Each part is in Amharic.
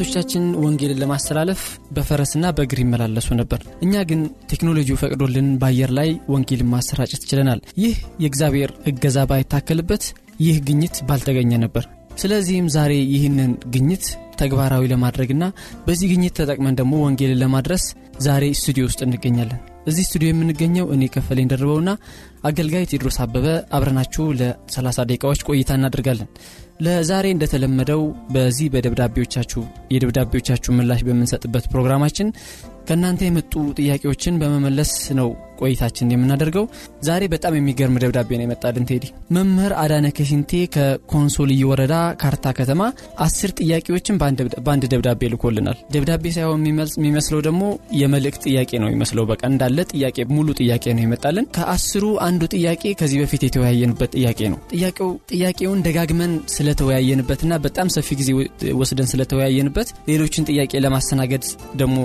አባቶቻችን ወንጌልን ለማስተላለፍ በፈረስና በእግር ይመላለሱ ነበር። እኛ ግን ቴክኖሎጂው ፈቅዶልን በአየር ላይ ወንጌልን ማሰራጨት ችለናል። ይህ የእግዚአብሔር እገዛ ባይታከልበት ይህ ግኝት ባልተገኘ ነበር። ስለዚህም ዛሬ ይህንን ግኝት ተግባራዊ ለማድረግና በዚህ ግኝት ተጠቅመን ደግሞ ወንጌልን ለማድረስ ዛሬ ስቱዲዮ ውስጥ እንገኛለን። እዚህ ስቱዲዮ የምንገኘው እኔ ከፈለኝ ደርበውና አገልጋይ ቴድሮስ አበበ አብረናችሁ ለ30 ደቂቃዎች ቆይታ እናደርጋለን። ለዛሬ እንደተለመደው በዚህ በደብዳቤዎቻችሁ የደብዳቤዎቻችሁ ምላሽ በምንሰጥበት ፕሮግራማችን ከእናንተ የመጡ ጥያቄዎችን በመመለስ ነው ቆይታችን የምናደርገው ዛሬ በጣም የሚገርም ደብዳቤ ነው የመጣልን። ቴዲ መምህር አዳነ ከሲንቴ ከኮንሶል ወረዳ ካርታ ከተማ አስር ጥያቄዎችን በአንድ ደብዳቤ ልኮልናል። ደብዳቤ ሳይሆን የሚመስለው ደግሞ የመልእክት ጥያቄ ነው የሚመስለው። በቃ እንዳለ ጥያቄ ሙሉ ጥያቄ ነው ይመጣልን። ከአስሩ አንዱ ጥያቄ ከዚህ በፊት የተወያየንበት ጥያቄ ነው። ጥያቄው ጥያቄውን ደጋግመን ስለተወያየንበትና በጣም ሰፊ ጊዜ ወስደን ስለተወያየንበት ሌሎችን ጥያቄ ለማስተናገድ ደግሞ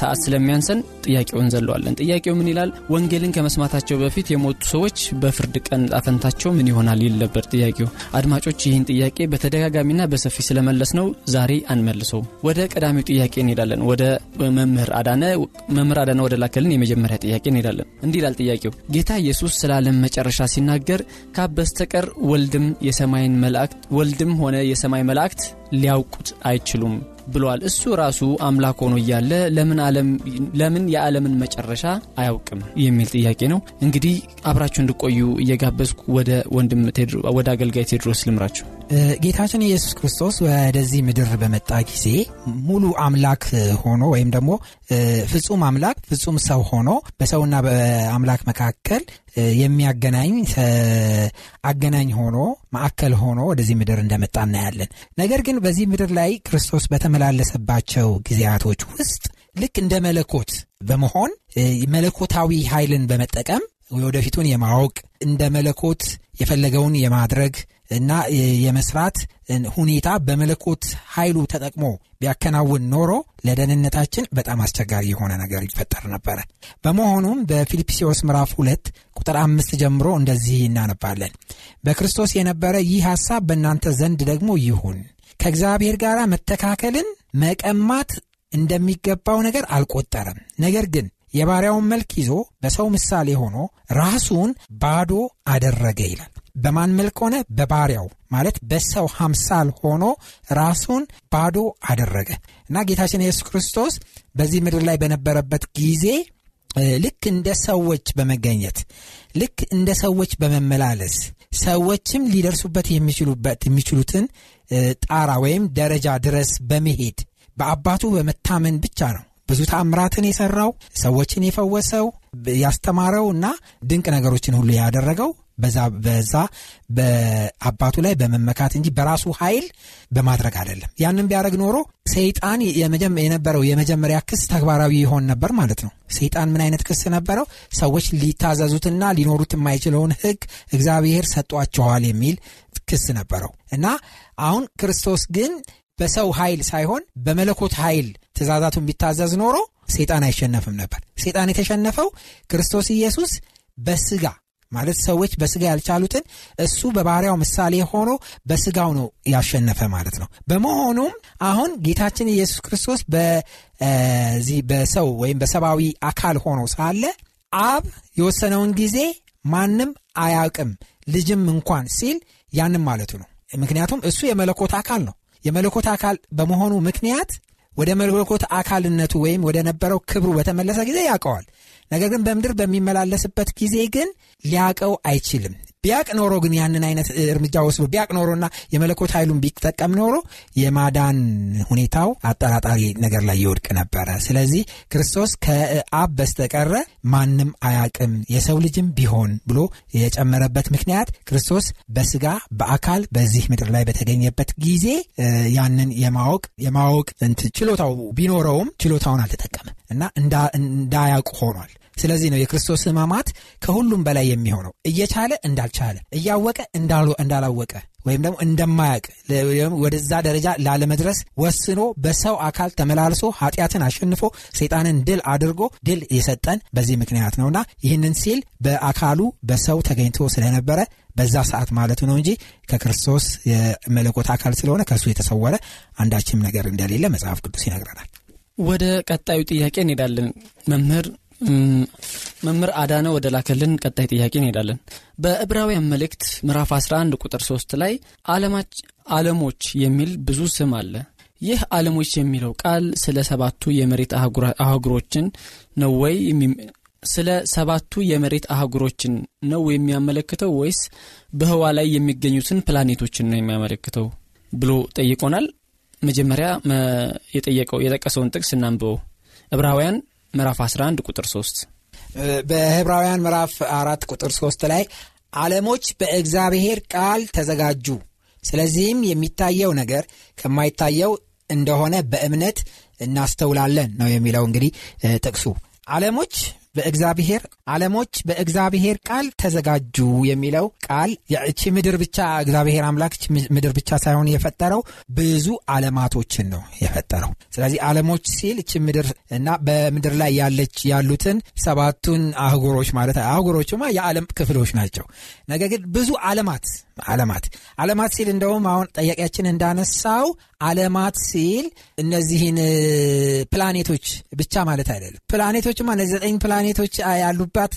ሰዓት ስለሚያንሰን ጥያቄውን ዘለዋለን። ጥያቄው ምን ይላል? ይላል። ወንጌልን ከመስማታቸው በፊት የሞቱ ሰዎች በፍርድ ቀን ጣፈንታቸው ምን ይሆናል ይል ነበር ጥያቄው። አድማጮች ይህን ጥያቄ በተደጋጋሚና በሰፊ ስለመለስ ነው ዛሬ አንመልሰው ወደ ቀዳሚው ጥያቄ እንሄዳለን። ወደ መምህር አዳነ መምህር አዳነ ወደ ላከልን የመጀመሪያ ጥያቄ እንሄዳለን። እንዲህ ይላል ጥያቄው ጌታ ኢየሱስ ስለ ዓለም መጨረሻ ሲናገር ካብ በስተቀር ወልድም የሰማይን መላእክት ወልድም ሆነ የሰማይ መላእክት ሊያውቁት አይችሉም ብሏል። እሱ ራሱ አምላክ ሆኖ እያለ ለምን የዓለምን መጨረሻ አያውቅም የሚል ጥያቄ ነው። እንግዲህ አብራችሁ እንድቆዩ እየጋበዝኩ ወደ ወንድም ወደ አገልጋይ ቴድሮስ ልምራችሁ። ጌታችን ኢየሱስ ክርስቶስ ወደዚህ ምድር በመጣ ጊዜ ሙሉ አምላክ ሆኖ ወይም ደግሞ ፍጹም አምላክ ፍጹም ሰው ሆኖ በሰውና በአምላክ መካከል የሚያገናኝ አገናኝ ሆኖ ማዕከል ሆኖ ወደዚህ ምድር እንደመጣ እናያለን። ነገር ግን በዚህ ምድር ላይ ክርስቶስ በተመላለሰባቸው ጊዜያቶች ውስጥ ልክ እንደ መለኮት በመሆን መለኮታዊ ኃይልን በመጠቀም ወደፊቱን የማወቅ እንደ መለኮት የፈለገውን የማድረግ እና የመስራት ሁኔታ በመለኮት ኃይሉ ተጠቅሞ ቢያከናውን ኖሮ ለደህንነታችን በጣም አስቸጋሪ የሆነ ነገር ይፈጠር ነበረ። በመሆኑም በፊልጵስዩስ ምዕራፍ ሁለት ቁጥር አምስት ጀምሮ እንደዚህ እናነባለን። በክርስቶስ የነበረ ይህ ሐሳብ በእናንተ ዘንድ ደግሞ ይሁን። ከእግዚአብሔር ጋር መተካከልን መቀማት እንደሚገባው ነገር አልቆጠረም። ነገር ግን የባሪያውን መልክ ይዞ በሰው ምሳሌ ሆኖ ራሱን ባዶ አደረገ ይላል። በማን መልክ ሆነ? በባሪያው ማለት በሰው ሀምሳል ሆኖ ራሱን ባዶ አደረገ እና ጌታችን ኢየሱስ ክርስቶስ በዚህ ምድር ላይ በነበረበት ጊዜ ልክ እንደ ሰዎች በመገኘት ልክ እንደ ሰዎች በመመላለስ ሰዎችም ሊደርሱበት የሚችሉበት የሚችሉትን ጣራ ወይም ደረጃ ድረስ በመሄድ በአባቱ በመታመን ብቻ ነው ብዙ ተአምራትን የሰራው ሰዎችን የፈወሰው ያስተማረው እና ድንቅ ነገሮችን ሁሉ ያደረገው በዛ በዛ በአባቱ ላይ በመመካት እንጂ በራሱ ኃይል በማድረግ አይደለም። ያንን ቢያደረግ ኖሮ ሰይጣን የነበረው የመጀመሪያ ክስ ተግባራዊ ይሆን ነበር ማለት ነው። ሰይጣን ምን አይነት ክስ ነበረው? ሰዎች ሊታዘዙትና ሊኖሩት የማይችለውን ህግ እግዚአብሔር ሰጧቸዋል የሚል ክስ ነበረው እና አሁን ክርስቶስ ግን በሰው ኃይል ሳይሆን በመለኮት ኃይል ትእዛዛቱ ቢታዘዝ ኖሮ ሴጣን አይሸነፍም ነበር። ሴጣን የተሸነፈው ክርስቶስ ኢየሱስ በስጋ ማለት ሰዎች በስጋ ያልቻሉትን እሱ በባህሪያው ምሳሌ ሆኖ በስጋው ነው ያሸነፈ ማለት ነው። በመሆኑም አሁን ጌታችን ኢየሱስ ክርስቶስ በዚህ በሰው ወይም በሰብአዊ አካል ሆኖ ሳለ አብ የወሰነውን ጊዜ ማንም አያውቅም ልጅም እንኳን ሲል ያንም ማለቱ ነው። ምክንያቱም እሱ የመለኮት አካል ነው። የመለኮት አካል በመሆኑ ምክንያት ወደ መለኮት አካልነቱ ወይም ወደ ነበረው ክብሩ በተመለሰ ጊዜ ያውቀዋል ነገር ግን በምድር በሚመላለስበት ጊዜ ግን ሊያቀው አይችልም። ቢያቅ ኖሮ ግን ያንን አይነት እርምጃ ወስዶ ቢያቅ ኖሮና የመለኮት ኃይሉን ቢጠቀም ኖሮ የማዳን ሁኔታው አጠራጣሪ ነገር ላይ ይወድቅ ነበረ። ስለዚህ ክርስቶስ ከአብ በስተቀረ ማንም አያቅም የሰው ልጅም ቢሆን ብሎ የጨመረበት ምክንያት ክርስቶስ በስጋ በአካል በዚህ ምድር ላይ በተገኘበት ጊዜ ያንን የማወቅ የማወቅ ችሎታው ቢኖረውም ችሎታውን አልተጠቀምም እና እንዳያውቅ ሆኗል። ስለዚህ ነው የክርስቶስ ህማማት ከሁሉም በላይ የሚሆነው እየቻለ እንዳልቻለ እያወቀ እንዳላወቀ ወይም ደግሞ እንደማያውቅ ወደዛ ደረጃ ላለመድረስ ወስኖ በሰው አካል ተመላልሶ ኃጢአትን አሸንፎ ሰይጣንን ድል አድርጎ ድል የሰጠን በዚህ ምክንያት ነውና ይህንን ሲል በአካሉ በሰው ተገኝቶ ስለነበረ በዛ ሰዓት ማለቱ ነው እንጂ ከክርስቶስ የመለኮት አካል ስለሆነ ከእሱ የተሰወረ አንዳችም ነገር እንደሌለ መጽሐፍ ቅዱስ ይነግረናል። ወደ ቀጣዩ ጥያቄ እንሄዳለን። መምህር መምህር አዳነ ወደ ላከልን ቀጣይ ጥያቄ እንሄዳለን። በዕብራውያን መልእክት ምዕራፍ 11 ቁጥር 3 ላይ ዓለሞች የሚል ብዙ ስም አለ። ይህ ዓለሞች የሚለው ቃል ስለ ሰባቱ የመሬት አህጉሮችን ነው ወይ ስለ ሰባቱ የመሬት አህጉሮችን ነው የሚያመለክተው ወይስ በህዋ ላይ የሚገኙትን ፕላኔቶችን ነው የሚያመለክተው ብሎ ጠይቆናል። መጀመሪያ የጠየቀው የጠቀሰውን ጥቅስ እናንብበው። ዕብራውያን ምዕራፍ 11 ቁጥር 3 በህብራውያን ምዕራፍ 4 ቁጥር 3 ላይ ዓለሞች በእግዚአብሔር ቃል ተዘጋጁ ስለዚህም የሚታየው ነገር ከማይታየው እንደሆነ በእምነት እናስተውላለን ነው የሚለው እንግዲህ ጥቅሱ ዓለሞች በእግዚአብሔር ዓለሞች በእግዚአብሔር ቃል ተዘጋጁ የሚለው ቃል የእቺ ምድር ብቻ እግዚአብሔር አምላክ ምድር ብቻ ሳይሆን የፈጠረው ብዙ ዓለማቶችን ነው የፈጠረው። ስለዚህ ዓለሞች ሲል እቺ ምድር እና በምድር ላይ ያለች ያሉትን ሰባቱን አህጉሮች ማለት አህጉሮችማ የዓለም ክፍሎች ናቸው። ነገር ግን ብዙ ዓለማት አለማት አለማት ሲል እንደውም አሁን ጠያቂያችን እንዳነሳው አለማት ሲል እነዚህን ፕላኔቶች ብቻ ማለት አይደለም። ፕላኔቶችማ እነዚህ ዘጠኝ ፕላኔቶች ያሉባት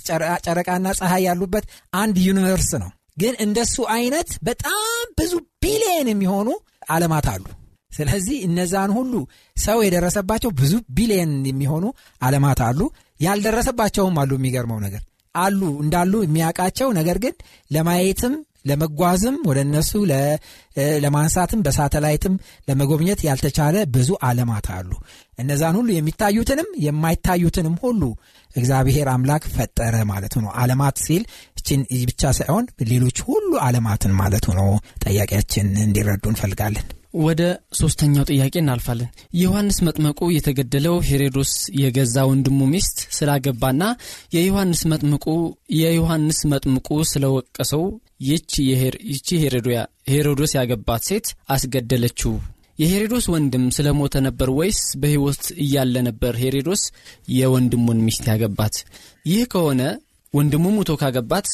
ጨረቃና ፀሐይ ያሉበት አንድ ዩኒቨርስ ነው። ግን እንደሱ አይነት በጣም ብዙ ቢሊየን የሚሆኑ አለማት አሉ። ስለዚህ እነዛን ሁሉ ሰው የደረሰባቸው ብዙ ቢሊየን የሚሆኑ አለማት አሉ። ያልደረሰባቸውም አሉ። የሚገርመው ነገር አሉ እንዳሉ የሚያውቃቸው ነገር ግን ለማየትም ለመጓዝም ወደ እነሱ ለማንሳትም በሳተላይትም ለመጎብኘት ያልተቻለ ብዙ ዓለማት አሉ። እነዛን ሁሉ የሚታዩትንም የማይታዩትንም ሁሉ እግዚአብሔር አምላክ ፈጠረ ማለት ነው። ዓለማት ሲል እችን ብቻ ሳይሆን ሌሎች ሁሉ ዓለማትን ማለት ነው። ጠያቂያችን እንዲረዱ እንፈልጋለን። ወደ ሶስተኛው ጥያቄ እናልፋለን። የዮሐንስ መጥመቁ የተገደለው ሄሮዶስ የገዛ ወንድሙ ሚስት ስላገባና የዮሐንስ መጥምቁ የዮሐንስ መጥምቁ ስለወቀሰው ይቺ ሄሮዶስ ያገባት ሴት አስገደለችው። የሄሮዶስ ወንድም ስለሞተ ነበር ወይስ በሕይወት እያለ ነበር ሄሮዶስ የወንድሙን ሚስት ያገባት? ይህ ከሆነ ወንድሙ ሙቶ ካገባት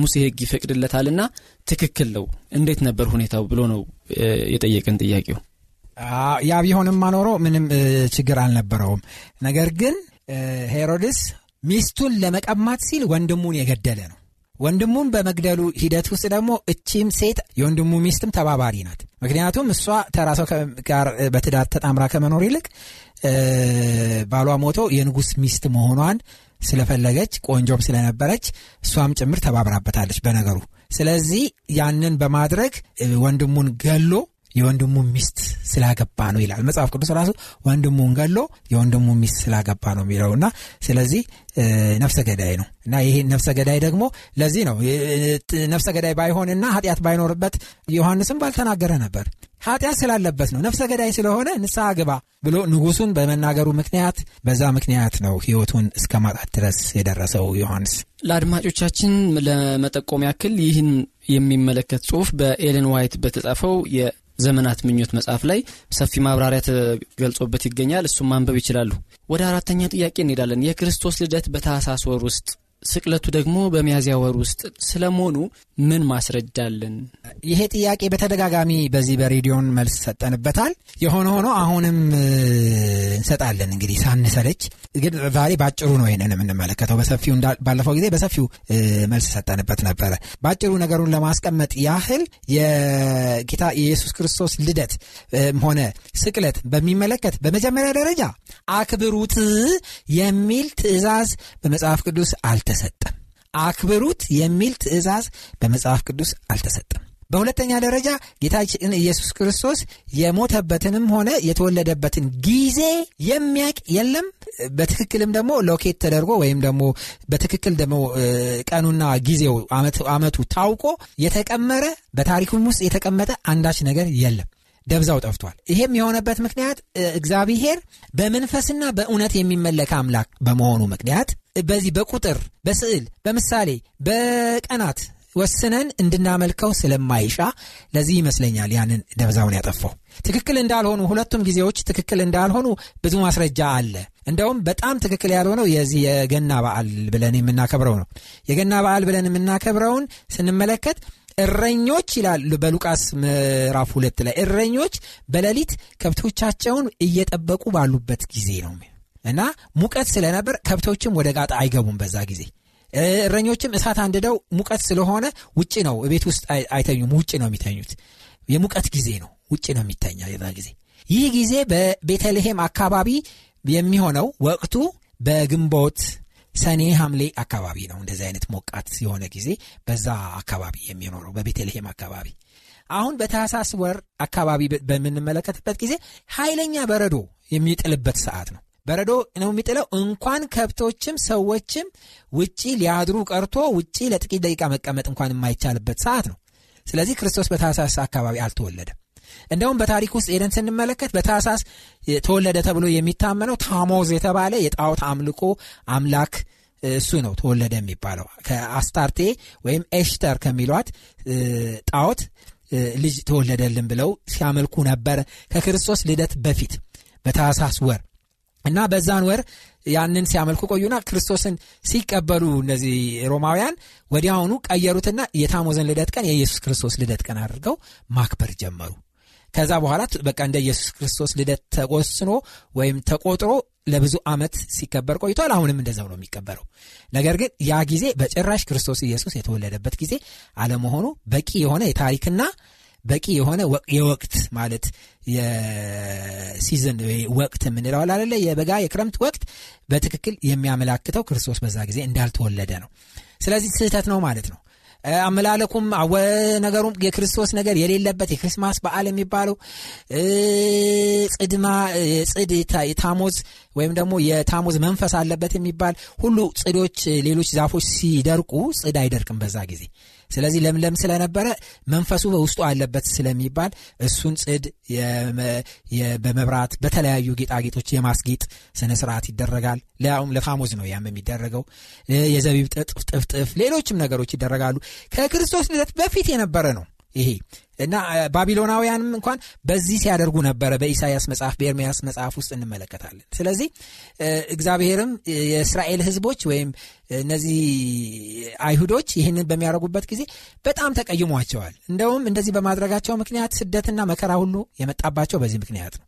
ሙሴ ህግ ይፈቅድለታልና ትክክል ነው እንዴት ነበር ሁኔታው ብሎ ነው የጠየቀን ጥያቄው ያ ቢሆንም ማኖሮ ምንም ችግር አልነበረውም ነገር ግን ሄሮድስ ሚስቱን ለመቀማት ሲል ወንድሙን የገደለ ነው ወንድሙን በመግደሉ ሂደት ውስጥ ደግሞ እቺም ሴት የወንድሙ ሚስትም ተባባሪ ናት ምክንያቱም እሷ ተራሰው ጋር በትዳር ተጣምራ ከመኖር ይልቅ ባሏ ሞቶ የንጉሥ ሚስት መሆኗን ስለፈለገች ቆንጆም ስለነበረች እሷም ጭምር ተባብራበታለች በነገሩ። ስለዚህ ያንን በማድረግ ወንድሙን ገሎ የወንድሙ ሚስት ስላገባ ነው ይላል መጽሐፍ ቅዱስ ራሱ ወንድሙን ገሎ የወንድሙ ሚስት ስላገባ ነው የሚለው እና ስለዚህ ነፍሰ ገዳይ ነው እና ይህ ነፍሰ ገዳይ ደግሞ ለዚህ ነው ነፍሰ ገዳይ ባይሆንና ኃጢአት ባይኖርበት ዮሐንስም ባልተናገረ ነበር ኃጢአት ስላለበት ነው ነፍሰ ገዳይ ስለሆነ ንስሐ ግባ ብሎ ንጉሱን በመናገሩ ምክንያት በዛ ምክንያት ነው ህይወቱን እስከ ማጣት ድረስ የደረሰው ዮሐንስ ለአድማጮቻችን ለመጠቆም ያክል ይህን የሚመለከት ጽሁፍ በኤለን ዋይት በተጻፈው ዘመናት ምኞት መጽሐፍ ላይ ሰፊ ማብራሪያ ተገልጾበት ይገኛል። እሱም ማንበብ ይችላሉ። ወደ አራተኛ ጥያቄ እንሄዳለን። የክርስቶስ ልደት በታህሳስ ወር ውስጥ ስቅለቱ ደግሞ በሚያዝያ ወር ውስጥ ስለመሆኑ ምን ማስረዳለን አለን? ይሄ ጥያቄ በተደጋጋሚ በዚህ በሬዲዮን መልስ ሰጠንበታል። የሆነ ሆኖ አሁንም እንሰጣለን። እንግዲህ ሳንሰለች ግን ዛሬ ባጭሩ ነው ይህንን የምንመለከተው። በሰፊው ባለፈው ጊዜ በሰፊው መልስ ሰጠንበት ነበረ። ባጭሩ ነገሩን ለማስቀመጥ ያህል የጌታ የኢየሱስ ክርስቶስ ልደት ሆነ ስቅለት በሚመለከት በመጀመሪያ ደረጃ አክብሩት የሚል ትዕዛዝ በመጽሐፍ ቅዱስ አልተ አልተሰጠም። አክብሩት የሚል ትእዛዝ በመጽሐፍ ቅዱስ አልተሰጠም። በሁለተኛ ደረጃ ጌታችን ኢየሱስ ክርስቶስ የሞተበትንም ሆነ የተወለደበትን ጊዜ የሚያውቅ የለም። በትክክልም ደግሞ ሎኬት ተደርጎ ወይም ደግሞ በትክክል ደግሞ ቀኑና ጊዜው ዓመቱ ታውቆ የተቀመረ በታሪኩም ውስጥ የተቀመጠ አንዳች ነገር የለም። ደብዛው ጠፍቷል። ይሄም የሆነበት ምክንያት እግዚአብሔር በመንፈስና በእውነት የሚመለክ አምላክ በመሆኑ ምክንያት በዚህ በቁጥር በስዕል በምሳሌ በቀናት ወስነን እንድናመልከው ስለማይሻ ለዚህ ይመስለኛል ያንን ደብዛውን ያጠፋው። ትክክል እንዳልሆኑ ሁለቱም ጊዜዎች ትክክል እንዳልሆኑ ብዙ ማስረጃ አለ። እንደውም በጣም ትክክል ያልሆነው የዚህ የገና በዓል ብለን የምናከብረው ነው። የገና በዓል ብለን የምናከብረውን ስንመለከት እረኞች ይላሉ በሉቃስ ምዕራፍ ሁለት ላይ እረኞች በሌሊት ከብቶቻቸውን እየጠበቁ ባሉበት ጊዜ ነው እና ሙቀት ስለነበር ከብቶችም ወደ ጋጣ አይገቡም በዛ ጊዜ እረኞችም እሳት አንድደው ሙቀት ስለሆነ ውጭ ነው ቤት ውስጥ አይተኙም ውጭ ነው የሚተኙት የሙቀት ጊዜ ነው ውጭ ነው የሚተኛ የዛ ጊዜ ይህ ጊዜ በቤተልሔም አካባቢ የሚሆነው ወቅቱ በግንቦት ሰኔ ሐምሌ አካባቢ ነው እንደዚህ አይነት ሞቃት የሆነ ጊዜ በዛ አካባቢ የሚኖረው በቤተልሔም አካባቢ አሁን በታሳስ ወር አካባቢ በምንመለከትበት ጊዜ ኃይለኛ በረዶ የሚጥልበት ሰዓት ነው በረዶ ነው የሚጥለው። እንኳን ከብቶችም ሰዎችም ውጪ ሊያድሩ ቀርቶ ውጪ ለጥቂት ደቂቃ መቀመጥ እንኳን የማይቻልበት ሰዓት ነው። ስለዚህ ክርስቶስ በታሳስ አካባቢ አልተወለደም። እንደውም በታሪክ ውስጥ ሄደን ስንመለከት በታሳስ ተወለደ ተብሎ የሚታመነው ታሞዝ የተባለ የጣዖት አምልኮ አምላክ እሱ ነው ተወለደ የሚባለው ከአስታርቴ ወይም ኤሽተር ከሚሏት ጣዖት ልጅ ተወለደልን ብለው ሲያመልኩ ነበር። ከክርስቶስ ልደት በፊት በታሳስ ወር እና በዛን ወር ያንን ሲያመልኩ ቆዩና ክርስቶስን ሲቀበሉ እነዚህ ሮማውያን ወዲያውኑ ቀየሩትና የታሞዝን ልደት ቀን የኢየሱስ ክርስቶስ ልደት ቀን አድርገው ማክበር ጀመሩ። ከዛ በኋላ በቃ እንደ ኢየሱስ ክርስቶስ ልደት ተወስኖ ወይም ተቆጥሮ ለብዙ ዓመት ሲከበር ቆይቷል። አሁንም እንደዛው ነው የሚከበረው። ነገር ግን ያ ጊዜ በጭራሽ ክርስቶስ ኢየሱስ የተወለደበት ጊዜ አለመሆኑ በቂ የሆነ የታሪክና በቂ የሆነ የወቅት ማለት የሲዝን ወቅት የምንለዋል አለ የበጋ የክረምት ወቅት በትክክል የሚያመላክተው ክርስቶስ በዛ ጊዜ እንዳልተወለደ ነው። ስለዚህ ስህተት ነው ማለት ነው። አመላለኩም አወ ነገሩም የክርስቶስ ነገር የሌለበት የክርስማስ በዓል የሚባለው ጽድማ ጽድ ታሞዝ ወይም ደግሞ የታሙዝ መንፈስ አለበት የሚባል ሁሉ ጽዶች፣ ሌሎች ዛፎች ሲደርቁ ጽድ አይደርቅም በዛ ጊዜ። ስለዚህ ለምለም ስለነበረ መንፈሱ በውስጡ አለበት ስለሚባል እሱን ጽድ በመብራት በተለያዩ ጌጣጌጦች የማስጌጥ ስነ ስርዓት ይደረጋል። ለታሙዝ ነው ያም የሚደረገው። የዘቢብ ጥፍጥፍ፣ ሌሎችም ነገሮች ይደረጋሉ። ከክርስቶስ ልደት በፊት የነበረ ነው። ይሄ እና ባቢሎናውያንም እንኳን በዚህ ሲያደርጉ ነበረ በኢሳያስ መጽሐፍ በኤርሚያስ መጽሐፍ ውስጥ እንመለከታለን ስለዚህ እግዚአብሔርም የእስራኤል ህዝቦች ወይም እነዚህ አይሁዶች ይህንን በሚያደርጉበት ጊዜ በጣም ተቀይሟቸዋል እንደውም እንደዚህ በማድረጋቸው ምክንያት ስደትና መከራ ሁሉ የመጣባቸው በዚህ ምክንያት ነው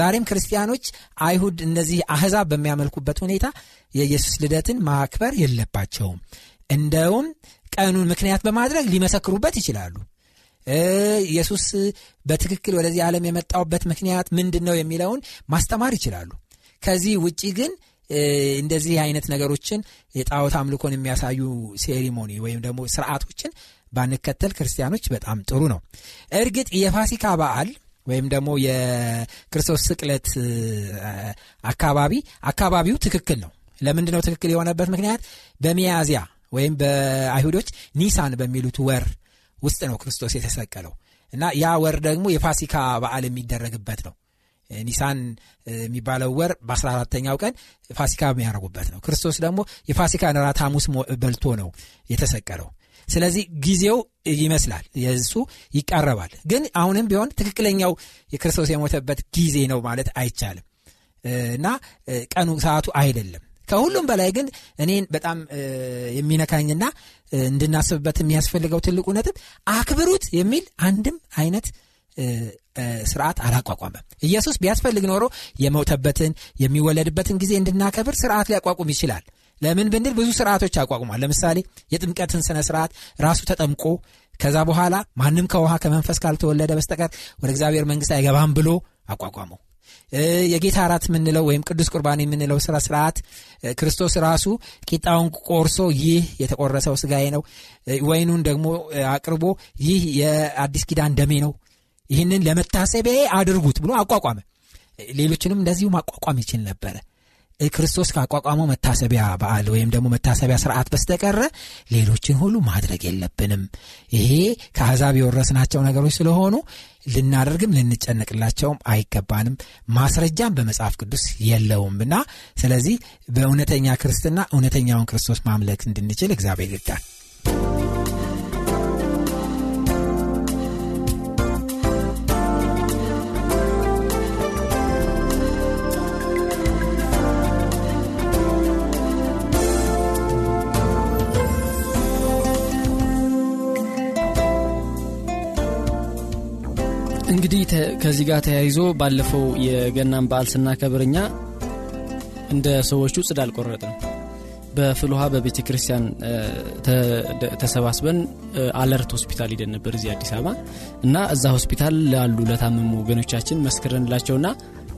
ዛሬም ክርስቲያኖች አይሁድ እነዚህ አህዛብ በሚያመልኩበት ሁኔታ የኢየሱስ ልደትን ማክበር የለባቸውም እንደውም ቀኑን ምክንያት በማድረግ ሊመሰክሩበት ይችላሉ ኢየሱስ በትክክል ወደዚህ ዓለም የመጣውበት ምክንያት ምንድን ነው የሚለውን ማስተማር ይችላሉ። ከዚህ ውጪ ግን እንደዚህ አይነት ነገሮችን የጣዖት አምልኮን የሚያሳዩ ሴሪሞኒ ወይም ደግሞ ስርዓቶችን ባንከተል ክርስቲያኖች በጣም ጥሩ ነው። እርግጥ የፋሲካ በዓል ወይም ደግሞ የክርስቶስ ስቅለት አካባቢ አካባቢው ትክክል ነው። ለምንድ ነው ትክክል የሆነበት ምክንያት? በሚያዝያ ወይም በአይሁዶች ኒሳን በሚሉት ወር ውስጥ ነው ክርስቶስ የተሰቀለው እና ያ ወር ደግሞ የፋሲካ በዓል የሚደረግበት ነው። ኒሳን የሚባለው ወር በ14ተኛው ቀን ፋሲካ የሚያደርጉበት ነው። ክርስቶስ ደግሞ የፋሲካ ራት ሐሙስ በልቶ ነው የተሰቀለው። ስለዚህ ጊዜው ይመስላል የእሱ ይቃረባል። ግን አሁንም ቢሆን ትክክለኛው የክርስቶስ የሞተበት ጊዜ ነው ማለት አይቻልም እና ቀኑ ሰዓቱ አይደለም። ከሁሉም በላይ ግን እኔን በጣም የሚነካኝና እንድናስብበት የሚያስፈልገው ትልቁ ነጥብ አክብሩት የሚል አንድም አይነት ስርዓት አላቋቋመም። ኢየሱስ ቢያስፈልግ ኖሮ የመውተበትን የሚወለድበትን ጊዜ እንድናከብር ስርዓት ሊያቋቁም ይችላል። ለምን ብንል ብዙ ስርዓቶች አቋቁሟል። ለምሳሌ የጥምቀትን ስነ ስርዓት ራሱ ተጠምቆ ከዛ በኋላ ማንም ከውሃ ከመንፈስ ካልተወለደ በስተቀር ወደ እግዚአብሔር መንግስት አይገባም ብሎ አቋቋመው። የጌታ አራት የምንለው ወይም ቅዱስ ቁርባን የምንለው ስራ ስርዓት ክርስቶስ ራሱ ቂጣውን ቆርሶ ይህ የተቆረሰው ስጋዬ ነው፣ ወይኑን ደግሞ አቅርቦ ይህ የአዲስ ኪዳን ደሜ ነው፣ ይህንን ለመታሰቢያ አድርጉት ብሎ አቋቋመ። ሌሎችንም እንደዚሁ ማቋቋም ይችል ነበረ። ክርስቶስ ካቋቋመው መታሰቢያ በዓል ወይም ደግሞ መታሰቢያ ስርዓት በስተቀረ ሌሎችን ሁሉ ማድረግ የለብንም። ይሄ ከአሕዛብ የወረስናቸው ነገሮች ስለሆኑ ልናደርግም ልንጨነቅላቸውም አይገባንም። ማስረጃም በመጽሐፍ ቅዱስ የለውም እና ስለዚህ በእውነተኛ ክርስትና እውነተኛውን ክርስቶስ ማምለክ እንድንችል እግዚአብሔር ይርዳል። እንግዲህ ከዚህ ጋር ተያይዞ ባለፈው የገናን በዓል ስናከብርኛ እንደ ሰዎቹ ጽድ አልቆረጥም። በፍል ውሃ በቤተ ክርስቲያን ተሰባስበን አለርት ሆስፒታል ሂደን ነበር እዚህ አዲስ አበባ እና እዛ ሆስፒታል ላሉ ለታመሙ ወገኖቻችን መስክረንላቸውና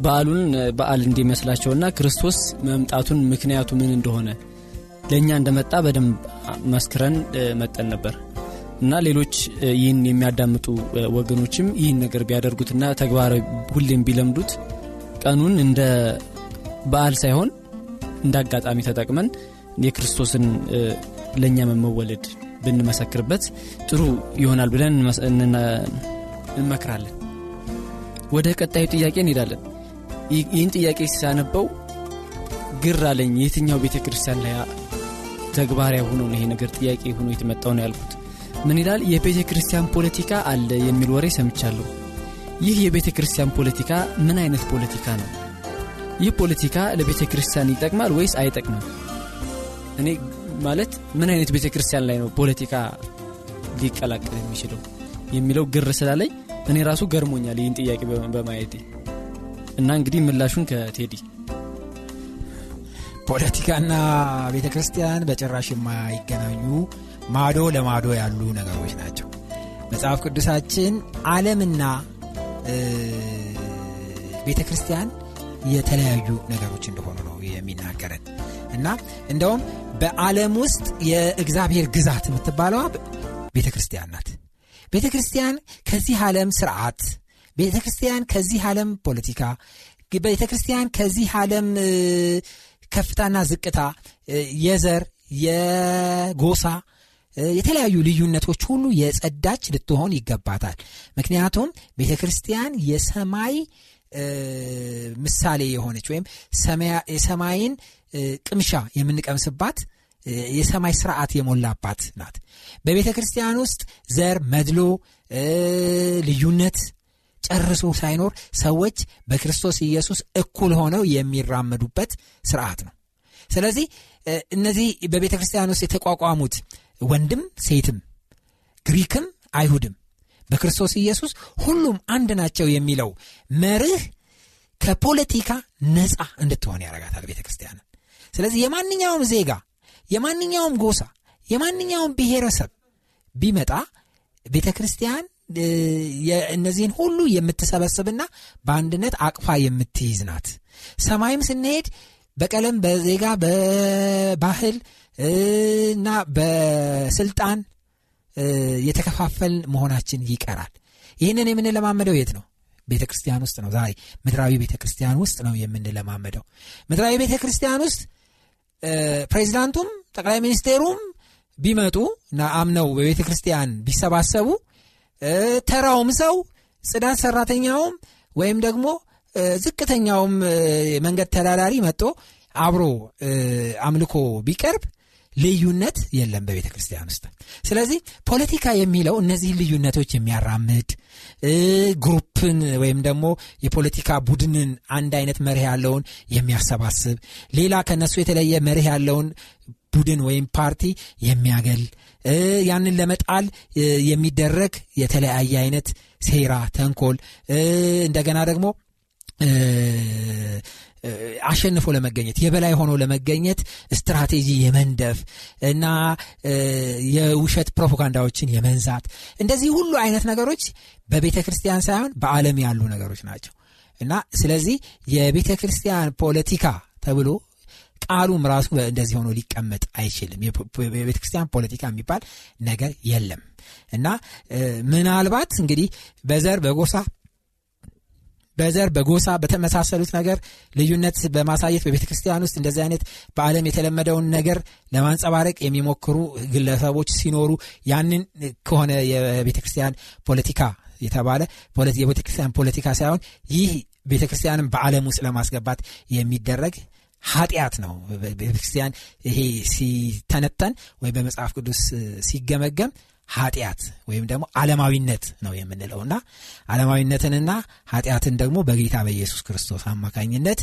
በዓሉን በዓል እንዲመስላቸውና ክርስቶስ መምጣቱን ምክንያቱ ምን እንደሆነ ለእኛ እንደመጣ በደንብ መስክረን መጠን ነበር እና ሌሎች ይህን የሚያዳምጡ ወገኖችም ይህን ነገር ቢያደርጉትና ተግባራዊ ሁሌም ቢለምዱት ቀኑን እንደ በዓል ሳይሆን እንደ አጋጣሚ ተጠቅመን የክርስቶስን ለእኛ መመወለድ ብንመሰክርበት ጥሩ ይሆናል ብለን እንመክራለን ወደ ቀጣዩ ጥያቄ እንሄዳለን ይህን ጥያቄ ሲያነበው ግር አለኝ የትኛው ቤተ ክርስቲያን ላይ ተግባራዊ ሆኖ ይሄ ነገር ጥያቄ ሆኖ የተመጣው ነው ያልኩት ምን ይላል የቤተ ክርስቲያን ፖለቲካ አለ የሚል ወሬ ሰምቻለሁ ይህ የቤተ ክርስቲያን ፖለቲካ ምን አይነት ፖለቲካ ነው ይህ ፖለቲካ ለቤተ ክርስቲያን ይጠቅማል ወይስ አይጠቅምም እኔ ማለት ምን አይነት ቤተ ክርስቲያን ላይ ነው ፖለቲካ ሊቀላቀል የሚችለው የሚለው ግር ስላለኝ እኔ ራሱ ገርሞኛል ይህን ጥያቄ በማየት እና እንግዲህ ምላሹን ከቴዲ ፖለቲካና ቤተ ክርስቲያን በጭራሽ የማይገናኙ ማዶ ለማዶ ያሉ ነገሮች ናቸው። መጽሐፍ ቅዱሳችን አለምና ቤተ ክርስቲያን የተለያዩ ነገሮች እንደሆኑ ነው የሚናገረን እና እንደውም በዓለም ውስጥ የእግዚአብሔር ግዛት የምትባለዋ ቤተ ክርስቲያን ናት። ቤተ ክርስቲያን ከዚህ ዓለም ስርዓት፣ ቤተ ክርስቲያን ከዚህ ዓለም ፖለቲካ፣ ቤተ ክርስቲያን ከዚህ ዓለም ከፍታና ዝቅታ፣ የዘር የጎሳ የተለያዩ ልዩነቶች ሁሉ የጸዳች ልትሆን ይገባታል። ምክንያቱም ቤተ ክርስቲያን የሰማይ ምሳሌ የሆነች ወይም የሰማይን ቅምሻ የምንቀምስባት የሰማይ ስርዓት የሞላባት ናት። በቤተ ክርስቲያን ውስጥ ዘር፣ መድሎ፣ ልዩነት ጨርሶ ሳይኖር ሰዎች በክርስቶስ ኢየሱስ እኩል ሆነው የሚራመዱበት ስርዓት ነው። ስለዚህ እነዚህ በቤተ ክርስቲያን ውስጥ የተቋቋሙት ወንድም ሴትም፣ ግሪክም አይሁድም በክርስቶስ ኢየሱስ ሁሉም አንድ ናቸው የሚለው መርህ ከፖለቲካ ነጻ እንድትሆን ያረጋታል ቤተ ክርስቲያን ስለዚህ የማንኛውም ዜጋ፣ የማንኛውም ጎሳ፣ የማንኛውም ብሔረሰብ ቢመጣ ቤተ ክርስቲያን እነዚህን ሁሉ የምትሰበስብና በአንድነት አቅፋ የምትይዝ ናት። ሰማይም ስንሄድ በቀለም፣ በዜጋ፣ በባህል፣ እና በስልጣን የተከፋፈልን መሆናችን ይቀራል። ይህንን የምንለማመደው የት ነው? ቤተ ክርስቲያን ውስጥ ነው። ዛሬ ምድራዊ ቤተ ክርስቲያን ውስጥ ነው የምንለማመደው። ምድራዊ ቤተ ክርስቲያን ውስጥ ፕሬዚዳንቱም ጠቅላይ ሚኒስቴሩም ቢመጡ እና አምነው በቤተ ክርስቲያን ቢሰባሰቡ ተራውም ሰው ጽዳት ሰራተኛውም ወይም ደግሞ ዝቅተኛውም መንገድ ተዳዳሪ መጦ አብሮ አምልኮ ቢቀርብ ልዩነት የለም በቤተ ክርስቲያን ውስጥ። ስለዚህ ፖለቲካ የሚለው እነዚህን ልዩነቶች የሚያራምድ ግሩፕን ወይም ደግሞ የፖለቲካ ቡድንን አንድ አይነት መርህ ያለውን የሚያሰባስብ ሌላ ከነሱ የተለየ መርህ ያለውን ቡድን ወይም ፓርቲ የሚያገል ያንን ለመጣል የሚደረግ የተለያየ አይነት ሴራ፣ ተንኮል እንደገና ደግሞ አሸንፎ ለመገኘት የበላይ ሆኖ ለመገኘት ስትራቴጂ የመንደፍ እና የውሸት ፕሮፓጋንዳዎችን የመንዛት እንደዚህ ሁሉ አይነት ነገሮች በቤተ ክርስቲያን ሳይሆን በዓለም ያሉ ነገሮች ናቸው እና ስለዚህ የቤተ ክርስቲያን ፖለቲካ ተብሎ ቃሉም ራሱ እንደዚህ ሆኖ ሊቀመጥ አይችልም። የቤተ ክርስቲያን ፖለቲካ የሚባል ነገር የለም እና ምናልባት እንግዲህ በዘር በጎሳ በዘር በጎሳ በተመሳሰሉት ነገር ልዩነት በማሳየት በቤተ ክርስቲያን ውስጥ እንደዚህ አይነት በዓለም የተለመደውን ነገር ለማንጸባረቅ የሚሞክሩ ግለሰቦች ሲኖሩ ያንን ከሆነ የቤተ ክርስቲያን ፖለቲካ የተባለ የቤተ ክርስቲያን ፖለቲካ ሳይሆን ይህ ቤተ ክርስቲያንን በዓለም ውስጥ ለማስገባት የሚደረግ ኃጢአት ነው። ቤተክርስቲያን ይሄ ሲተነተን ወይም በመጽሐፍ ቅዱስ ሲገመገም ኃጢአት ወይም ደግሞ ዓለማዊነት ነው እና ዓለማዊነትንና ኃጢአትን ደግሞ በጌታ በኢየሱስ ክርስቶስ አማካኝነት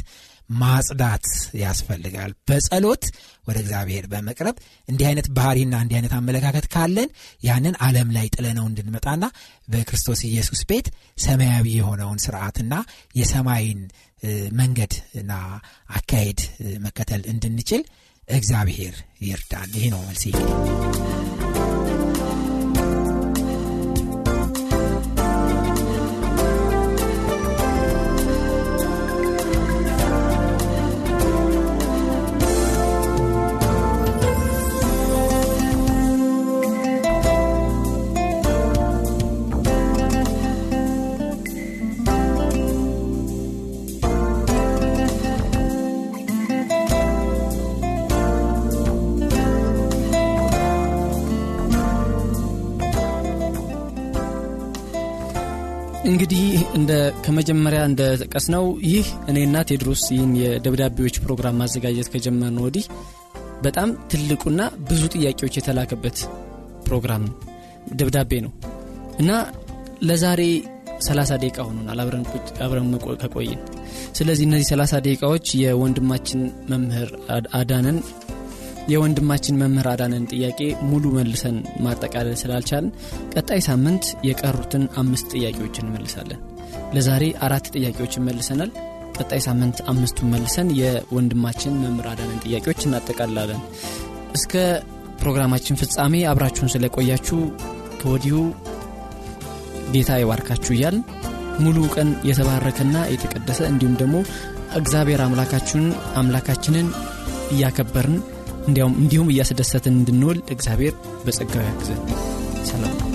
ማጽዳት ያስፈልጋል። በጸሎት ወደ እግዚአብሔር በመቅረብ እንዲህ አይነት ባህሪና እንዲህ አይነት አመለካከት ካለን ያንን ዓለም ላይ ጥለነው እንድንመጣና በክርስቶስ ኢየሱስ ቤት ሰማያዊ የሆነውን ስርዓትና የሰማይን መንገድና አካሄድ መከተል እንድንችል እግዚአብሔር ይርዳል። ይህ ነው መልስ መጀመሪያ እንደጠቀስነው ይህ እኔና ቴድሮስ ይህን የደብዳቤዎች ፕሮግራም ማዘጋጀት ከጀመርን ወዲህ በጣም ትልቁና ብዙ ጥያቄዎች የተላከበት ፕሮግራም ደብዳቤ ነው እና ለዛሬ 30 ደቂቃ ሆኑናል አብረን ከቆይን ስለዚህ እነዚህ 30 ደቂቃዎች የወንድማችን መምህር አዳነን የወንድማችን መምህር አዳነን ጥያቄ ሙሉ መልሰን ማጠቃለል ስላልቻልን ቀጣይ ሳምንት የቀሩትን አምስት ጥያቄዎች እንመልሳለን ለዛሬ አራት ጥያቄዎችን መልሰናል። ቀጣይ ሳምንት አምስቱን መልሰን የወንድማችን መምህር ጥያቄዎች እናጠቃላለን። እስከ ፕሮግራማችን ፍጻሜ አብራችሁን ስለቆያችሁ ከወዲሁ ጌታ ይባርካችሁ እያል ሙሉ ቀን የተባረከና የተቀደሰ እንዲሁም ደግሞ እግዚአብሔር አምላካችንን አምላካችንን እያከበርን እንዲሁም እያስደሰትን እንድንውል እግዚአብሔር በጸጋው ያግዘን። ሰላም